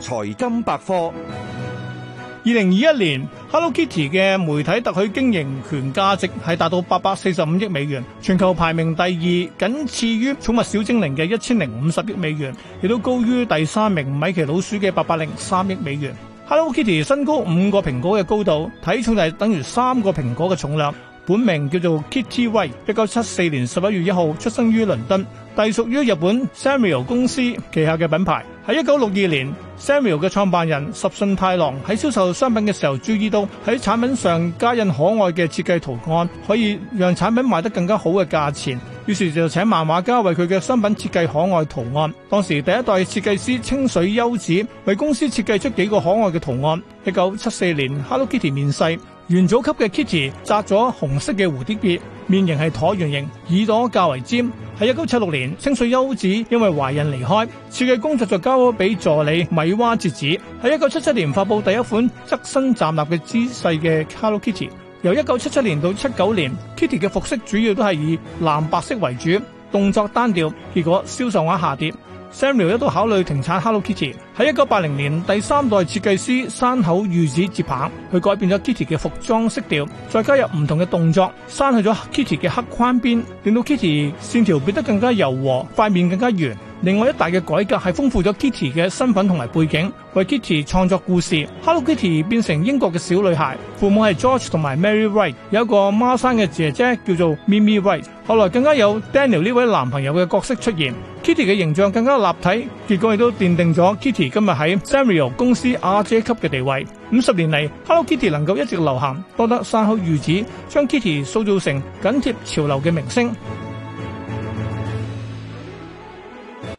財金百科，二零二一年 Hello Kitty 嘅媒體特許經營權價值係達到八百四十五億美元，全球排名第二，僅次於寵物小精靈嘅一千零五十億美元，亦都高於第三名米奇老鼠嘅八百零三億美元。Hello Kitty 身高五個蘋果嘅高度，體重就等於三個蘋果嘅重量。本名叫做 Kitty White，一九七四年十一月一號出生於倫敦，隸屬於日本 Sanrio 公司旗下嘅品牌。喺一九六二年，Samuel 嘅創辦人十信太郎喺銷售商品嘅時候注意到喺產品上加印可愛嘅設計圖案，可以讓產品賣得更加好嘅價錢。於是就請漫畫家為佢嘅新品設計可愛圖案。當時第一代設計師清水優子為公司設計出幾個可愛嘅圖案。一九七四年，Hello Kitty 面世，元祖級嘅 Kitty 紮咗紅色嘅蝴蝶結。面型係橢圓形，耳朵較為尖。喺一九七六年，清水優子因為懷孕離開，設計工作就交咗俾助理米娃節子。喺一九七七年發佈第一款側身站立嘅姿勢嘅 Hello Kitty。由一九七七年到七九年，Kitty 嘅服飾主要都係以藍白色為主。動作單調，結果銷售額下跌。Samuel 一度考慮停產 Hello Kitty。喺一九八零年，第三代設計師山口裕子接棒，佢改變咗 Kitty 嘅服裝色調，再加入唔同嘅動作，刪去咗 Kitty 嘅黑框邊，令到 Kitty 線條變得更加柔和，塊面更加圓。另外一大嘅改革係豐富咗 Kitty 嘅身份同埋背景，為 Kitty 創作故事。Hello Kitty 變成英國嘅小女孩，父母係 George 同埋 Mary Wright，有個孖生嘅姐姐叫做 Mimi Wright。後來更加有 Daniel 呢位男朋友嘅角色出現，Kitty 嘅形象更加立體，結果亦都奠定咗 Kitty 今日喺 Sanrio 公司亞姐級嘅地位。五十年嚟，Hello Kitty 能夠一直流行，多得山口裕子將 Kitty 塑造成緊貼潮流嘅明星。